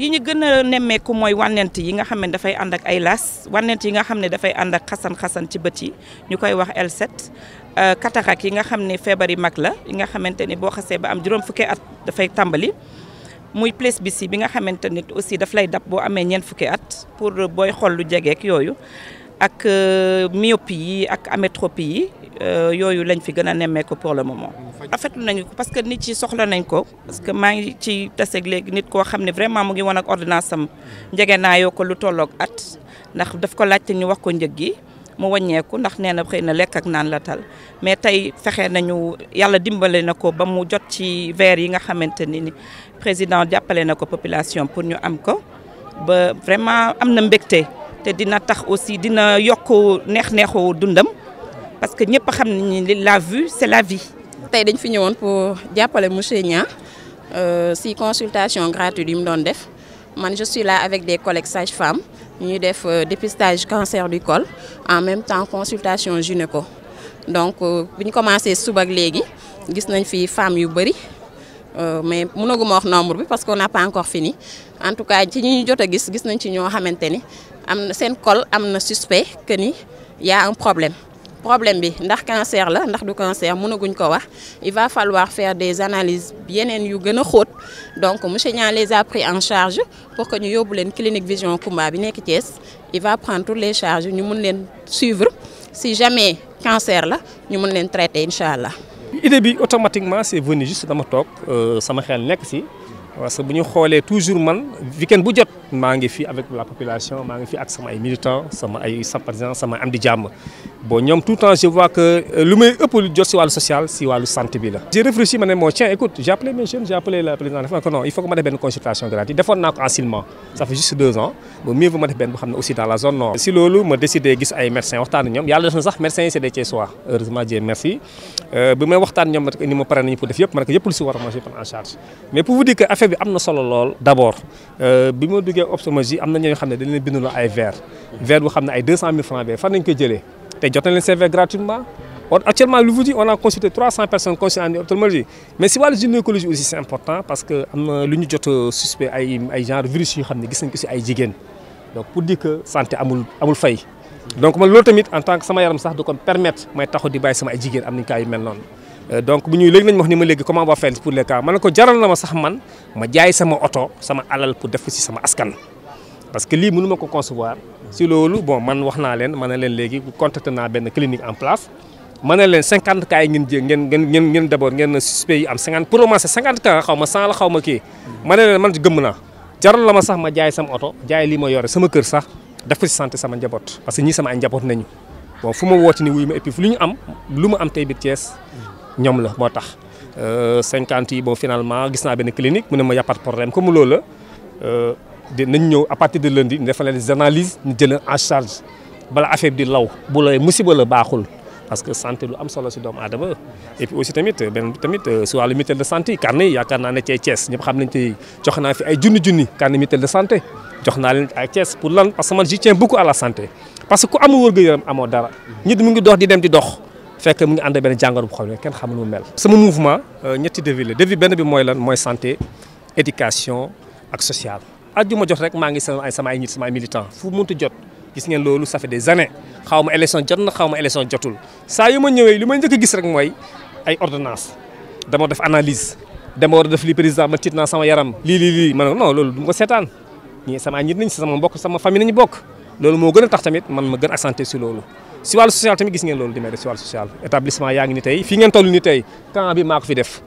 yi ñu gën a nemmeeku mooy wànnent yi nga xam ne dafay ànd ak ay las wànnent yi nga xam ne dafay ànd ak xasan-xasan ci bët yi ñu koy wax L7 katarak euh, yi nga xam ne feebar yi mag la yi nga xamante ni boo xasee ba am juróom fukkee at dafay tàmbali muy presbytie bi nga xamante ni aussi daf lay dab boo amee ñeent fukki at pour booy xool lu jegeek yooyu ak euh, myopie yi ak amétropie yi euh, yooyu lañ fi gën a nemmeeku pour le moment. afetlu nañu ko parce que nit ci soxla nañ ko parce que maa ngi ci taseeg léegi nit koo xam ne vraiment mu ngi woon ak ordonnance am njege naa yoo ko lu tolloog at ndax daf ko laajte ñu wax ko njëg gi mu waññeeku ndax nee na xëy na lekk ak naan la tal mais tey fexe nañu yàlla dimbale na ko ba mu jot ci verre yi nga xamante ni ni président jàppale na ko population pour ñu am ko ba vraiment am na mbégte. te dina tax aussi dina yokk neex-neexu dundam parce que ñepp xam ni la vue c'est la vie. tay dañ fi ñëwoon pour jappalé monsieur euh si consultation gratuite yi mu doon def man je suis là avec des collègues sages-femmes ñuy def euh, dépistage cancer du col en même temps consultation gynéco donc euh, bi ñu commencé suba ak léegi gis nañ fi femme yu bari. Euh, mais mënaguma wax nombre bi parce qu'on n'a pas encore fini en tout cas ci ñi ñu jotta nous gis gis nañ ci ño xamanteni am col am suspect que ni y a un problème le problème bi ndax cancer la ndax du cancer mënaguñ ko wax il va falloir faire des analyses bien yu gëna xoot donc monsieur Niang les a pris en charge pour que ñu yóbbu une clinique vision Koumba bi nek Thiès il va prendre toutes les charges ñu mën len suivre si jamais cancer la ñu mën len traiter inshallah idée automatiquement c'est venu juste dans dama Ça euh, sama xel un si parce que si on toujours man weekend bu budget maa ngi avec la population maa ngi fi ak sama ay militants sama ay sympathisants sama am di jàmm bon ñoom tout le temps je vois que euh, lu may ëpp lu jot si wàllu social si wàllu santé bi la. j'ai réfléchi ma ne moo écoute j'ai appelé mes jeunes j'ai appelé la président dafa non il faut que ma def benn consultation gratuite defoon naa ko en Silema ça fait juste deux ans ba mieux vaut ma def benn boo xam aussi dans la zone nord. si loolu ma décidé gis ay médecins waxtaan ak ñoom yàlla def na sax médecins yi c'est des Thiessois heureusement Dieu merci euh, bi may waxtaan ñoom nag ni ma pare nañu pour def yëpp ma que ko yëpp lu si war a ma prendre en charge mais pour vous dire que affaire bi am na solo lool d'abord euh, bi ma jugee ophtalmologie am na ñoo xam ne dañ leen binduloo ay verre verre bu xam ne ay 200000 francs bee fan nañ ko jëlee te jot na leen seen gratuitement actuellement lu vous dit on a consulté 300 personnes consultant en ophtalmologie mais si wàllu gynécologie aussi c'est important parce que am na lu ñu jot suspect ay ay genre virus yoo xam des gis nañ ko si ay donc pour dire que santé amul amul fay donc man loolu tamit en tant que sama yaram sax du ko permettre may taxu di bàyyi sama ay jigéen am nañ yu mel Euh, donc bu ñuy léegi nañ wax ni ma léegi comment va faire pour les cas man ko jaral na ma sax man ma jaay sama auto sama alal pour def ci sama askan parce que li mënuma ko concevoir ci lolu bon man wax na len man len leen contacter na ben clinique en place man len 50 kay ngeen jé ngeen ngeen ngeen d'abord ngeen suspect yi am 50 pour commencer cinquante cas xaw ma cent la xawma ki man len man gëmm na jaral la ma sax ma jaay sama auto jaay li ma yore sama kër sax def ci santé sama njabot parce que ñi sama ay njabot nañu bon fuma ma ni wuyuma et puis fu lu am luma am tay bi ties ñoom la moo tax. Euh, cinquante yi bon finalement gis naa benn clinique mu ne ma y'a pas de problème comme loolu la euh, ñëw à partir de lundi ñu defal leen des analyses ñu jël en charge bala affaire bi law bu lay musiba la baaxul. parce que santé lu am solo si doomu aadama et puis aussi tamit benn tamit euh, si wàllu mutuelle de santé carnet yi yaakaar naa ne cee Thiès ñëpp xam nañ tey jox naa fi ay junni junni carnet mutuelle de santé jox naa leen ay Thiès pour lan parce que man je tiens beaucoup à la santé parce que ku amul wërgu yaram amoo dara nit mu ngi dox di dem di dox. fekk mu ngi ànd benn jàngoro bu xam ne kenn xamul mu mel. sama mouvement euh, ñetti devis la devis benn bi mooy lan mooy santé éducation ak sociale. àjjuma jot rek maa ngi sama ay sama ay nit sama ay fu mu mënti jot gis ngeen loolu ça fait des xaw ma élection jot na xaw ma élection jotul saa yi ma ñëwee li ma njëkk gis rek mooy ay ordinance dama def analise dama war a def li président ma tiit naa sama yaram lii lii lii ma ne non loolu du ma ko seetaan ñii sama ay nit nañ sama mbokk sama famille nañu bokk loolu moo gën a tax tamit man ma gën accentuer si loolu. si wàllu social tamit gis ngeen loolu di may def social établissement yaa ngi ni tey fi ngeen toll ni tey temps bi maa ko fi def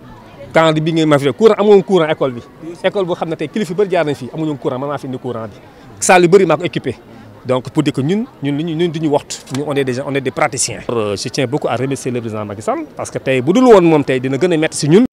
temps bi ngeen ma fi def courant amuñu courant école bi école boo xam ne tey kilifa yu bëri jaar nañ fii amuñu courant man maa fi indi courant bi salle yu bëri maa ko équipé donc pour dire que ñun ñun li ñun duñu waxtu ñun on est des on est des praticiens je tiens beaucoup à remercier le président Macky Sall parce que tey bu dul woon moom tey dina gën a métti si ñun